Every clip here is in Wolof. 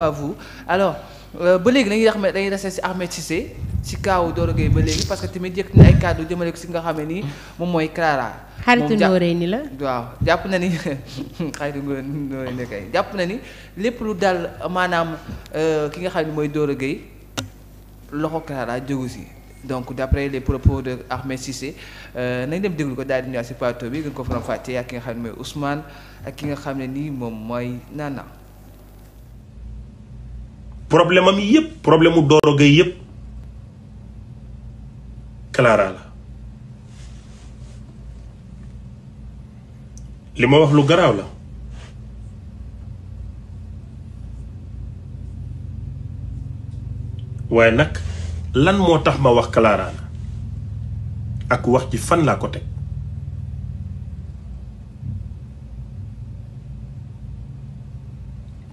à vous alors euh, ba léegi dañuy xam ne dañuy resté ci Ahmed Cissé ci kaawu Doro Gueye ba léegi parce que tamit yëg na ay kàddu jëmale ko ci nga xam ne nii moom mooy Clara. xaritu Nooré ni la waaw jàpp na ni xaritu Nooré ni kay jàpp na ni lépp lu dal maanaam euh, ki nga xam ne mooy Doro loxo Clara jógu ci donc d'après les propos de Ahmed euh, nañ dem déglu ko daal di ñëwaat ci plateau bi gën ko faram fàccee ak ki nga xam ak ki nga xam ne nii moom mooy Nana. problème am yëpp problème mu Doro Gueye yëpp Clara la li ma wax lu garaaw la waaye nag lan moo tax ma wax kalaara la ak wax ci fan laa ko teg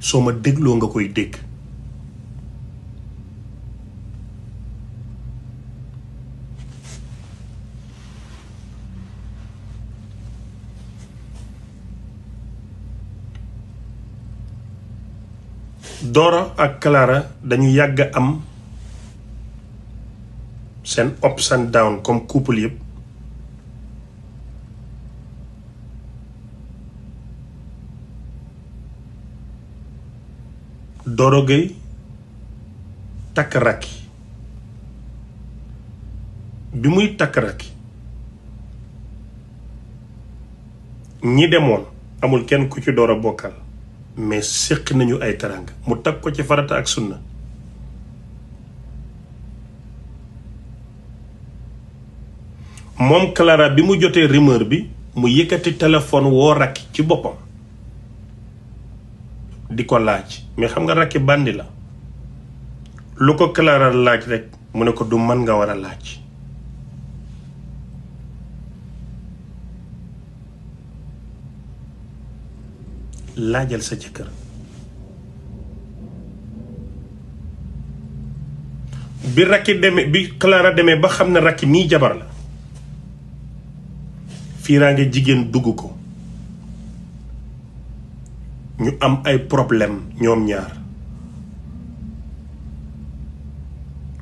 soo ma dégloo nga koy dégg Doro ak Clara dañu yàgg am seen ups and down comme couple yëpp Doro Gueye takk Racky bi muy takk Racky ñi demoon amul kenn ku ci Doro bokkal mais séq nañu ay taranga mu tag ko ci farata ak sunna moom Clara bi mu jotee rumeur bi mu yëkkati téléphone woo rakki ci boppam di ko laaj mais xam nga rakki bandi la lu ko Clara laaj rek mu ne ko du man nga war a laaj laajal sa jëkkër bi rakki demee bi Clara deme ba xam ne rakki mii jabar la fiiraange jigéen dugg ko ñu am ay problème ñoom ñaar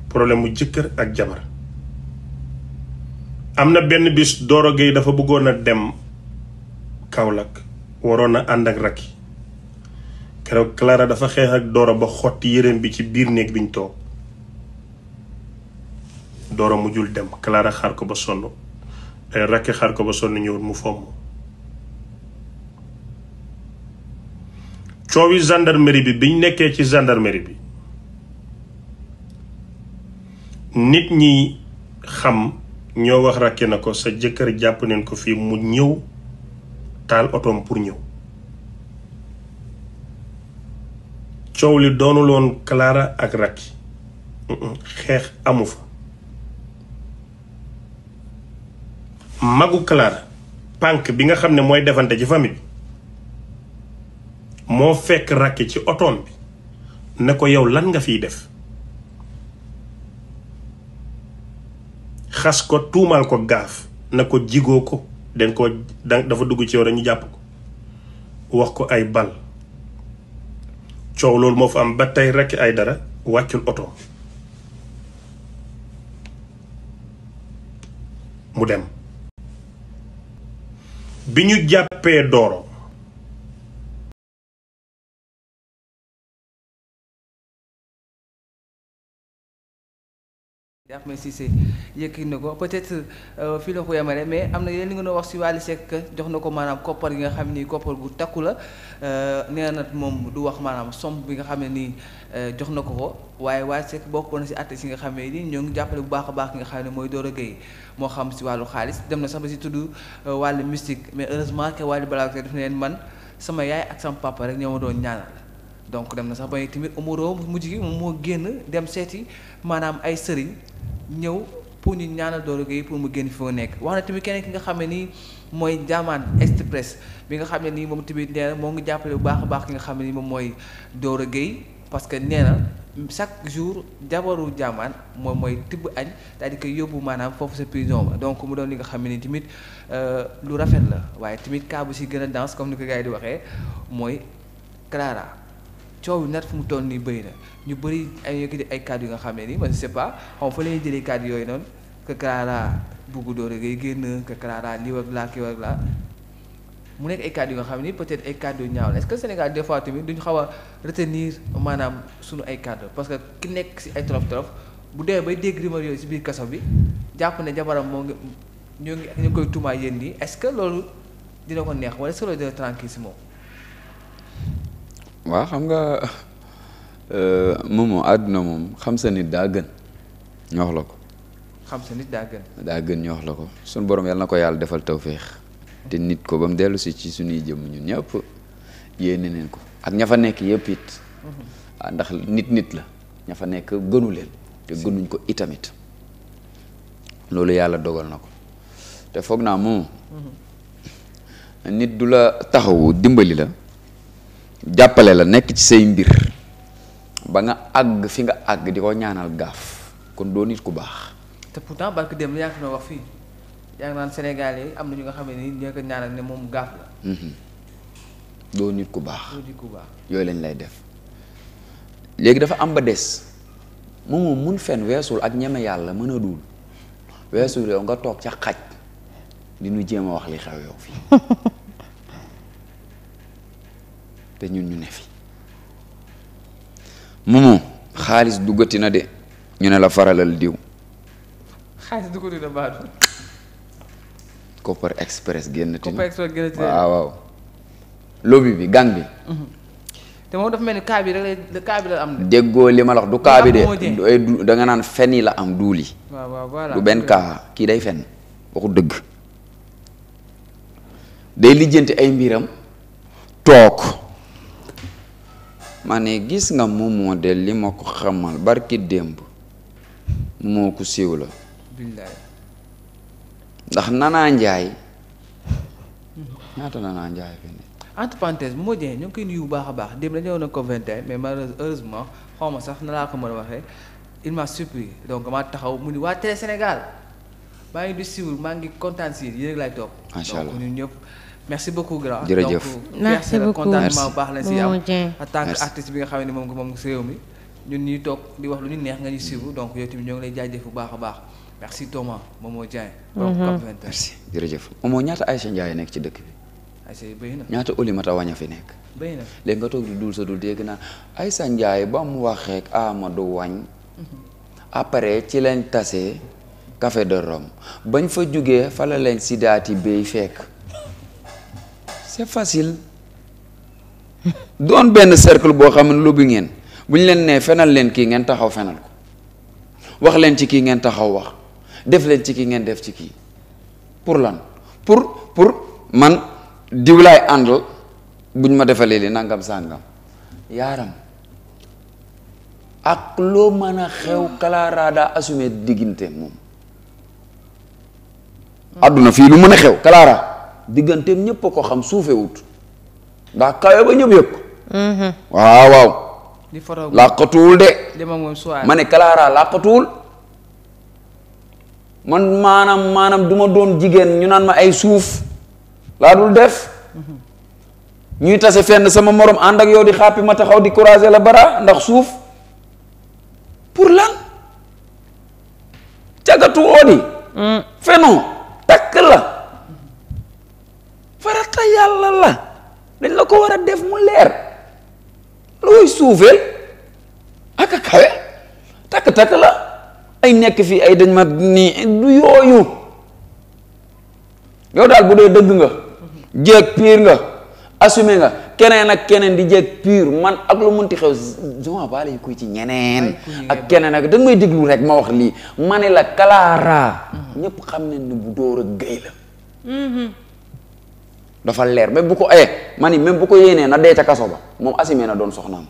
problème bu jëkkër ak jabar am na benn bis Doro Gueye dafa bëggoon a dem Kaolack waroon na ànd ak rakki keroog Clara dafa xeex ak dooro ba xotti yéreem bi ci biir néeg bi ñu toog dooro mu jul dem Clara xaar ko ba sonn ay rakki xaar ko ba sonn ñëwul mu fomm coowi gendarmerie bi biñ nekkee ci gendarmerie bi nit ñi xam ñoo wax rakki na ko sa jëkkër jàpp neen ko fii mu ñëw taal otoom pour ñëw coow li doonuloon Clara ak Racky xeex amu fa magu Clara pànk bi nga xam ne mooy defante ci famille moo fekk Racky ci otoom bi ne ko yow lan nga fiy def xas ko tuumaal ko gaaf ne ko jigoo ko ko koo dafa dugg ci yow rek ñu jàpp ko wax ko ay bal coow loolu moo fa am ba tey rekk ay dara wàccul oto mu dem bi ñu jàppee dooro Yaxma Cissé yëkkati na ko peut-être euh, fii la ko yemale am na yeneen li nga doon wax si Wally Seck jox na ko maanaam koppar yi nga xam ni koppar gu takku la euh, nee na moom du wax maanaam somme bi nga xam ne nii euh, jox na ko ko waaye Wally Seck bokkoon na si artiste si nga xam ne nii ñoo ngi jàppale bu baax a baax ki nga xam ne mooy Doro Gueye moo xam si wàllu xaalis dem na sax ba si tudd wàllu mystique mais heureusement que Wally Ballago Seck def na leen man sama yaay ak sama papa rek ñoo ma doon ñaanal. donc dem na sax ba tamit umuroo mujj gi ay sëriñ ñëw pour ñu ñaanal Doro Gueye pour mu génn foo nekk wax na tamit keneen ki nga xam ne nii mooy Jahman Express bi nga xam ne nii moom tamit nee moo ngi jàppale bu baax a baax ki nga xam ne nii moom mooy Doro géey parce que nee na chaque jour jabaru Jahman moom mooy tibb añ daal di yóbbu maanaam foofu sa prison ba donc mu doon li nga xam ne nii tamit euh, lu rafet la waaye tamit cas si gën a danse comme ni ko gars yi di waxee mooy Clara. coow net fu mu toll nii bëy na ñu bëri ay yëkkati ay yu nga xam ne nii man je pas xaw fa la ñuy jëlee cadres yooyu noonu que Clara bugg doole ngay génn que Clara lii laa kii laa mu nekk ay cadres yu nga xam ne nii peut-être ay cadres yu ñaaw la est Sénégal des fois tamit duñu xaw a maanaam suñu ay cadres parce que ki nekk si ay torof torof bu dee bay dégg rumeur yooyu si biir kaso bi jàpp ne jabaram moo ngi ñoo ngi ñu koy tuumaay yéen nii est-ce que loolu dina ko neex wala est-ce que loolu dina moom waaw xam nga euh, moomoo àdduna moom xam sa nit daa gën ñoox la ko. xam sa nit daa gën. daa gën la ko suñu borom yàlla na ko yàlla defal tawféex te nit ko ba mu dellu si ci suñuy jëm ñun ñëpp yéene neen ko ak ña fa nekk yëpp it. Mhm. Ah, ndax nit nit la ña fa nekk gënu leen. te gënuñ ko itamit loolu yàlla dogal na ko te foog naa moom. Mhm. nit du la taxawu dimbali la. jàppale la nekk ci say mbir ba nga àgg fi nga àgg di ko ñaanal gaaf kon doo nit ku baax. te pourtant barke dem yaa ngi wax fii yaa yi am na ñu nga xam ni nii ñoo ko ñaanal ne moom gaaf la. Mhm. doo nit ku baax. doo ku baax yooyu lañ lay def léegi dafa am ba des moom mun fen weesul ak ñeme yàlla mën a dul weesul yow nga toog ca xaj di nu jéem a wax li xew yow fii. te ñun ñu ne fi moomu xaalis duggati na de ñu ne la faralal diw. xaalis duggati na Copper Express génn. waaw waaw. lobby bi gang bi. Mhm. te moom dafa mel ni cas bi rek de eh, da naan fen yi la am duul du benn cas kii day fen waxu dëgg. day lijjanti ay mbiram toog. ma ne gis nga moom de li ma ko xamal barki démb moo ko siiw la ndax nanaa njaay ñaata nanaa njaay fi ne entre parenthèse moo jëlee ñu koy nuyu bu baax a baax démb dañu doon convaincre mais malheureusement xaw ma sax na ko mën waxee il m'a surpris donc maa taxaw mu ni waa Télé Sénégal maa ngi di siiwul maa ngi kontaan si yéen rek laay merci beaucoup grand jërëjëf merci beaucoup contentement bu baax lañ si am en tant que artiste bi nga xam ne moom nga moom nga si réew mi ñun ñuy toog di wax lu ñu neex nga ñu suivre donc yow tamit ñoo ngi lay jaajëf bu baax a baax merci Thomas Momo Dieng borom CAP 21 merci jërëjëf Momo ñaata Aïcha Ndiaye nekk ci dëkk bi Aïcha bëy na ñaata Olimata Waña fi nekk bëy na léegi nga toog di dul sa dul dégg naa Aïcha Ndiaye ba mu waxee ak Amadou Wañ mhm. après ci lañ tasee Café de Rome bañ fa jógee fala lañ si daati bay fekk c'est facile doon benn cercle boo xam ne lobby ngeen bu ñu leen nee fenal leen kii ngeen taxaw fenal ko wax leen ci kii ngeen taxaw wax def leen ci kii ngeen def ci kii pour lan pour pour man diw laay àndal bu ñu ma defalee li nangam sàngam yaaram ak loo mën a xew Clara daa assumé diggante moom. àdduna fii lu mën a xew Clara. digganteem ñëpp a ko xam suufewut ndax kawe ba ñëpp yëpp mhm. waaw waaw làqatuwul de ma ne kalaara làqatuwul man maanaam maanaam duma doon jigéen ñu naan ma ay suuf laa dul def mhm. ñuy tase fenn sama moroom ànd ak yow di xàppi ma taxaw di courage la bara ndax suuf pour lan cagatu oodi mm. feno farata yàlla la dañ la ko war a def mu leer looy suufeel ak kawe takk-takk la ay nekk fii ay dañ ma nii du yooyu yow daal bu dee dëgg nga jeeg piir nga assumé nga keneen ak keneen di jeeg piir man ak lu munti xew joma baale yu koy ci ñeneen ak keneen ak da nga may déglu rek ma wax lii ma la Clara mm-hmm. ñëpp xam ne ni bu dóor a gay dafa leer même bu ko eh ma ni même bu ko yéenee na dee ca kaso ba moom assumé na doon soxnaam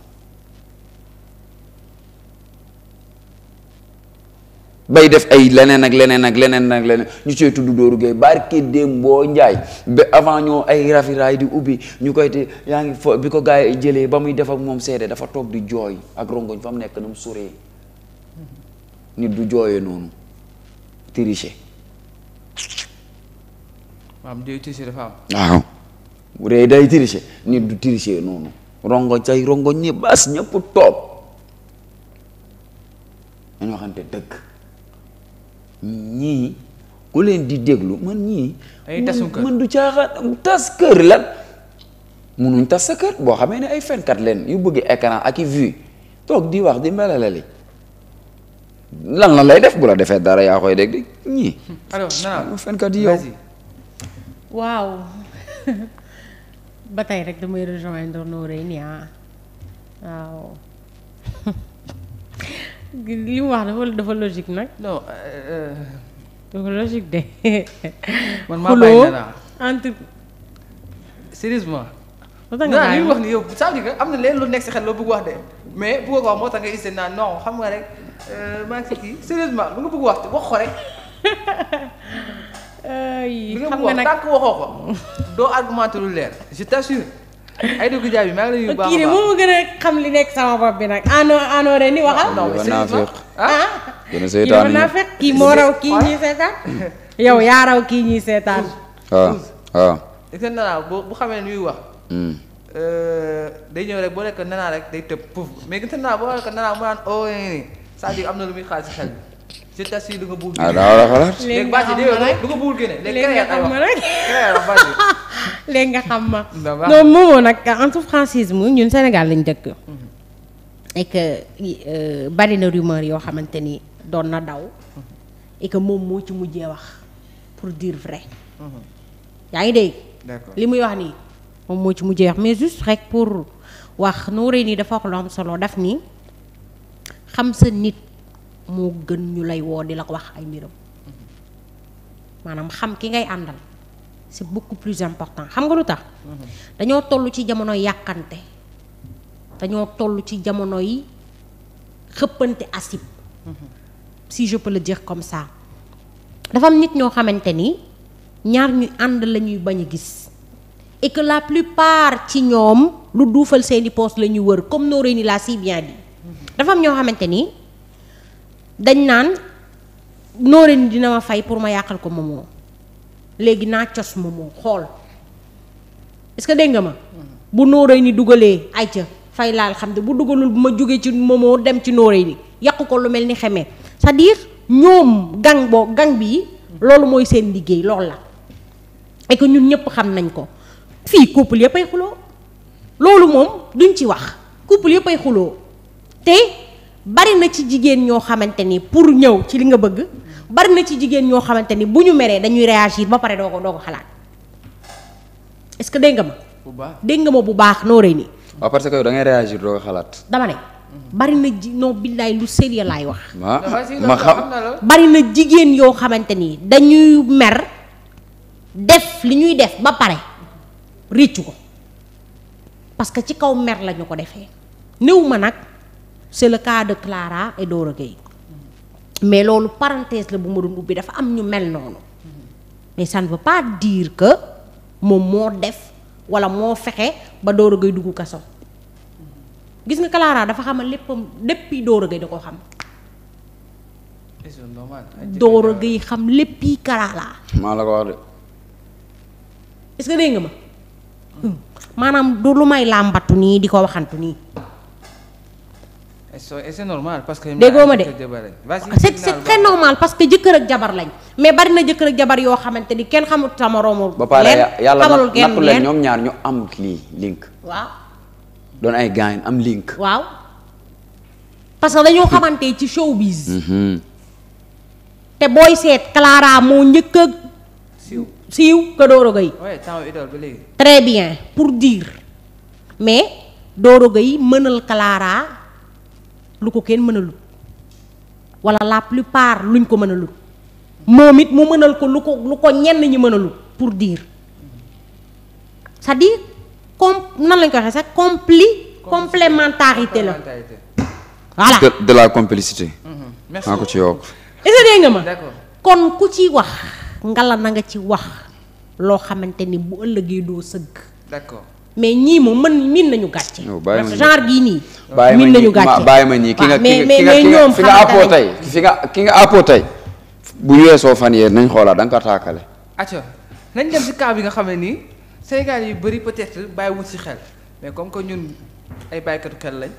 bay def ay leneen ak leneen ak leneen ak leneen ñu cee tudd Dóoru Gueye barke déem boo njaay ba avant ñoo ay rafiraay di ubbi ñu koy te yaa ngi fo bi ko gars yi jëlee ba muy def ak moom seede dafa toog di jooy ak rongoñ fa mu nekk na mu nit du jooyee noonu tricher maam day tricher dafa am. waaw bu dee day tricher nit du tricher noonu rongo cay rongo ñi baas ñëpp toog dañu waxante dëgg ñii ku leen di déglu man ñii. ay tasum man du caaxaan tas kër lan munuñ tas sa kër boo xamee ne ay fenkat leen yu bëgg écran aki i toog di wax di melalali lan lan lay def bu la defee dara yaa koy dégg ñii. alors nana fenkat yi waaw ba tey rek damay rejoindre Noreyni ah waaw li mu wax dafa dafa logique nag. non. dafa logique de. man maa nga li wax ni yow ça veut dire am na leen lu nekk si xel loo bëgg wax de mais bu ko wax moo tax nga gisee naan non xam nga rek maa ngi si lu nga bëgg wax wax ko rek. ay xam nga nag tànk waxoo ko dugg jaay bi maa ngi lay nuyu kii a gën gën a seetaan naa fekk kii moo raw kii ñuy seetaan yow yaa raw kii ah, ah. ñuy seetaan. waaw waaw. gis naa bu day boo nekk nanaa rek day tëb puuf mais gis naa boo nekk nanaa mu naan oh, am na lu muy xaar si xel bi. si tas a xalaat. léegi nga xam ma rek du nag entre francisme ñun Sénégal lañ dëkk. et que rumeur yoo xamante ni doon na daw. et que moom moo ci mujjee wax pour dire vrai. yaa ngi dégg. li muy wax nii moom moo ci mujjee wax mais juste rek pour wax noo rëy nii dafa wax lu am solo daf nii xam sa nit. moo gën ñu lay woo di la ko wax ay mbiram maanaam xam ki ngay àndal c'est beaucoup plus important xam nga lu tax dañoo tollu ci jamono yàkkante dañoo tollu ci jamono yi xëppante asib si je peux le comme ça dafa am nit ñoo xamante ni ñaar ñu ànd la ñuy bañ a gis et que la plupart ci ñoom lu duufal seeni poos la ñuy wër comme Noreyni l'a si bien dit dafa am ñoo xamante nii dañ naan nóore dina ma fay pour ma yàqal ko Momo léegi naa cos Momo xool est-ce que dégg nga ma mm. bu nóore ni dugalee ay ca fay laal xam ne bu dugalul bu ma jógee ci moomoo dem ci nóore ni yàqu ko lu mel ni xemee sa à dire ñoom gang boo gang bi loolu mooy seen liggéey loolu la et que ñun ñëpp xam nañ ko fii couple yëpp ay xuloo loolu moom duñ ci wax couple yëpp ay xuloo te bari na ci jigéen ñoo xamante ni pour ñëw ci li nga bëgg bari na ci jigéen ñoo xamante ni bu ñu meree dañuy réagir ba pare doo ko doo ko xalaat est-ce que dégg nga ma. bu baax ma bu baax noo rëy nii. waaw parce que da ngay réagir doo ko xalaat. dama ne bari na ji non billaay lu sérieux laay wax. ma xam bari na jigéen yoo xamante ni dañuy mer def li ñuy def ba pare riccu ko parce que ci kaw mer lañu ko defee néew ma nag. c'est le cas de Clara et Dora mais loolu parenthèse la bu ma doon ubbi dafa am ñu mel noonu mais san ne veut diir dire moom moo def walla moo fexe ba Dora Gueye dugg kaso gis nga Clara dafa xamal léppam léppi Dora Gueye da koo xam Dora Gueye xam léppi Clara maa la ko wax de est-ce que ma hmm. maanaam du lu may làmbatu nii di ko waxantu nii c'est normal parce que. déggoo ma de c'est c'est très normal parce que jëkkër ak jabar lañ mais bari na jëkkër ak jabar yoo xamante ni kenn xamul sama romul. ba pare yàlla nattu leen ñoom ñaar am lii link. waaw. doon ay am link. waaw parce que dañoo xamante ci showbiz. Mm-hmm. te booy seet Clara moo njëkk a. siiw siiw ka Doro Gueye. bien pour dire mais Doro Gueye mënal Clara. lu ko kenn mën a lut wala la plupart luñ ko mën a lut moom it mu mënal ko lu ko lu ko ñenn ñi mën a lut pour dire c'est-à-dire com nan lañ ko waxee sax compli complémentarité la voilà de la complicité mm-hmm. maa ko ci yokk est-ce dégg nga ma kon ku ci wax ngala na nga ci wax loo xamante ni bu ëllëgee doo sëgg d'accord mais ñii moom mën miin nañu gàcce. parce que genre gii nii. miin nañu gàcce bàyyi ma ñii ki nga ki nga fi nga appoo tey fi nga ki nga appoo tey bu ñu weesoo fan yee nañ xoolaat da nga ko taakale. acca nañ dem si cas bi nga xam ne nii Sénégal yu bëri peut-être bàyyiwul si xel mais comme que ñun ay bàyyikatu xel lañ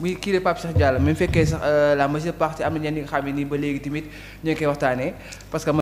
muy kii de sax Cheikh mais même fekkee sax euh, la majeure partie am na ñenn ñi nga xam nii ba léegi tamit ñoo koy waxtaanee parce que.